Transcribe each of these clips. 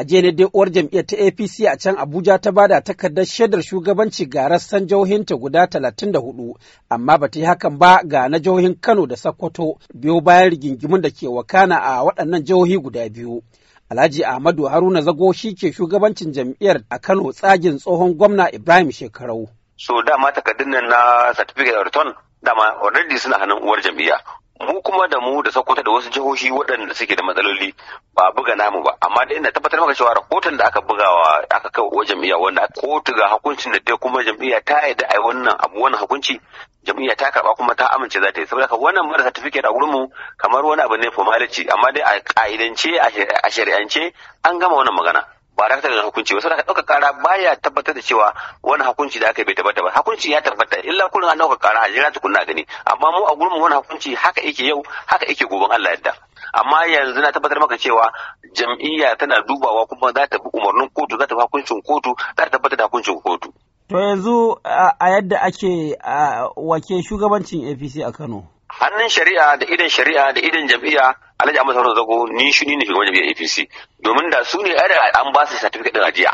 A jiya ne dai uwar jam'iyyar ta APC a can Abuja ta bada takardar shaidar shugabanci ga rassan jihohinta guda 34, amma ba ta yi hakan ba ga na jihohin Kano da Sokoto biyo bayan rigingimun da ke wakana a waɗannan jihohi guda biyu. Alhaji Ahmadu Haruna Zago shi ke shugabancin jam'iyyar a Kano tsagin tsohon gwamna Ibrahim Shekarau. So dama takardun nan na certificate of return dama already suna hannun uwar jam'iyya mu kuma da mu da sokoto da wasu jihohi waɗanda suke da matsaloli ba buga namu ba amma da ina tabbatar maka cewa rahoton da aka buga bugawa aka kai wa jam'iyya wanda kotu ga hukuncin da ta kuma jam'iyya ta yadda ai wannan abu wannan hukunci jam'iyya ta karba kuma ta amince za ta yi saboda wannan mara certificate a gurin mu kamar wani abu ne formality amma dai a ka'idance a shari'ance an gama wannan magana ba dakatar da hukunci ba saboda ɗaukar kara baya tabbatar da cewa wani hukunci da aka bai tabbata ba hukunci ya tabbata illa kullum an ɗaukar kara a jira tukunna gani amma mu a gurin wani hukunci haka yake yau haka yake goben Allah yadda amma yanzu na tabbatar maka cewa jam'iyya tana dubawa kuma za ta bi umarnin kotu za ta bi hukuncin kotu za ta tabbatar da hukuncin kotu To yanzu a yadda ake wake shugabancin APC a Kano. Hannun shari'a da idan shari'a da idan jam'iyya alhaji amma sauran zago ni shi ne shugaban jami'ar apc domin da su ne an ba su certificate din ajiya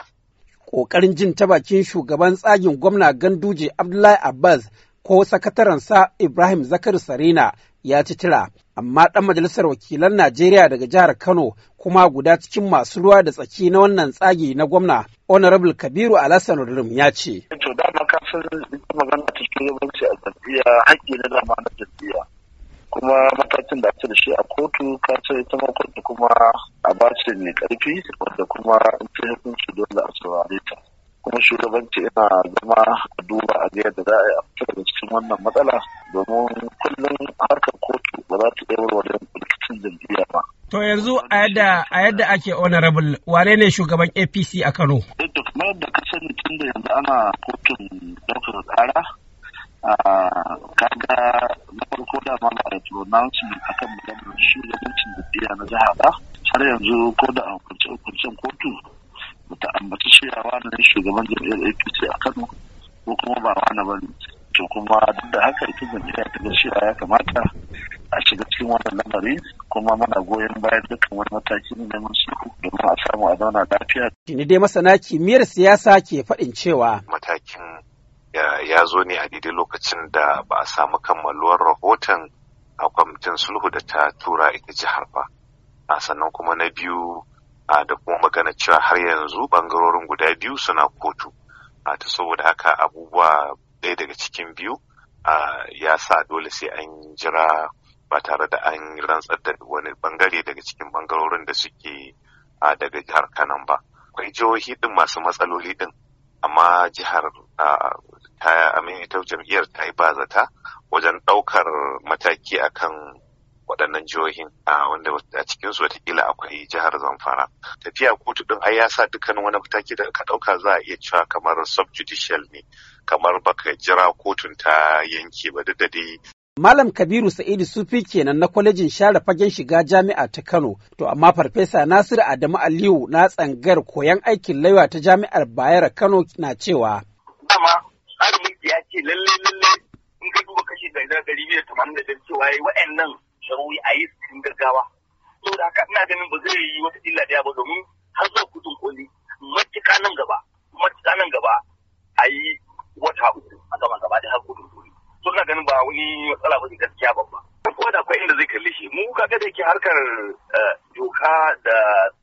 kokarin jin ta bakin shugaban tsagin gwamna ganduje abdullahi abbas ko sa ibrahim zakari sarina ya ci tira amma ɗan majalisar wakilan najeriya daga jihar kano kuma guda cikin masu ruwa da tsaki na wannan tsagi na gwamna honorable kabiru alhassan rum ya ce to dama ka san magana ta shugabanci a jam'iyya haƙƙi na dama na jam'iyya kuma matakin da ake da shi a kotu ka ce ita ma kotu kuma a ba ce mai karfi wanda kuma in ce hukunci dole a saurare ta kuma shugabanci ina zama a duba a ga yadda za a yi a fitar da cikin wannan matsala domin kullum harkar kotu ba za ta iya warware rikicin jam'iyya ba. To yanzu a yadda a yadda ake honorable wane ne shugaban APC a Kano? yadda eh, kuma kamar yadda ka sani tun da yanzu ana kotun ɗaukar ƙara ah, kaga dama ba da pronouncing a kan maganar shugabancin biya na jiha ba har yanzu ko da a hukuncen kotu bata ambaci cewa na shugaban jam'iyyar apc a kano ko kuma ba wani ba ne to kuma duk da haka ita jam'iyya ta ga cewa ya kamata a shiga cikin wannan lamari kuma muna goyon bayan dukkan wani mataki na neman sulhu domin a samu a zauna lafiya. Shi ne dai masana kimiyyar siyasa ke faɗin cewa. ya zo ne a daidai lokacin da ba a samu kammaluwar rahoton a kwamitin sulhu da ta tura ita jihar ba a sannan kuma na biyu da kuma magana cewa har yanzu bangarorin guda biyu suna kotu a ta saboda haka abubuwa ɗaya daga cikin biyu ya sa dole sai an jira ba tare da an rantsar da wani bangare daga cikin bangarorin da suke daga jihar kanan ba akwai jihohi ɗin masu matsaloli ɗin, amma jihar ta amin jam'iyyar ta yi zata wajen ɗaukar mataki akan waɗannan jihohin a wanda a cikin su watakila akwai jihar zamfara tafiya kotu ɗin ai ya sa dukkanin wani mataki da ka ɗauka za a iya cewa kamar subjudicial ne kamar baka jira kotun ta yanke ba da dai Malam Kabiru Sa'idu Sufi kenan na kwalejin share fagen shiga jami'a ta Kano, to amma Farfesa Nasiru Adamu Aliyu na tsangar koyan aikin laiwa ta jami'ar Bayero Kano na cewa. Dama ce lalle lalle in kai duba kashi da da dari biyu da tamanin da ɗari cewa yi wa'annan sharoyi a yi cikin gaggawa saboda haka ina ganin ba zai yi wata illa daya ba domin har zuwa kudin koli matuƙa nan gaba matuƙa nan gaba a yi wata uku a gaban gaba da har kudin koli to ina ganin ba wani matsala ba ne gaskiya ba. ko da akwai inda zai kalli shi mu kaga da yake harkar eh, doka da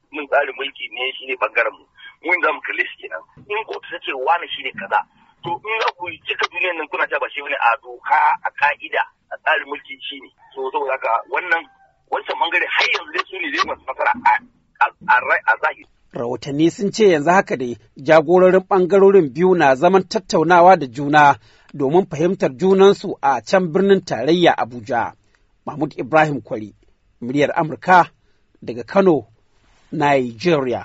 mun tsarin mulki ne shi ne bangaren mu mun za mu kalli shi kenan in kotu ta ce wani shi ne kaza to in za ku yi ta ba shi wani a doka a ka'ida a tsarin mulki shi ne so saboda haka wannan wancan bangare har yanzu dai su ne zai masu nasara a zahiri rahotanni sun ce yanzu haka dai jagororin bangarorin biyu na zaman tattaunawa da juna domin fahimtar junansu a can birnin tarayya abuja mahmud ibrahim kwari muryar amurka daga kano nigeria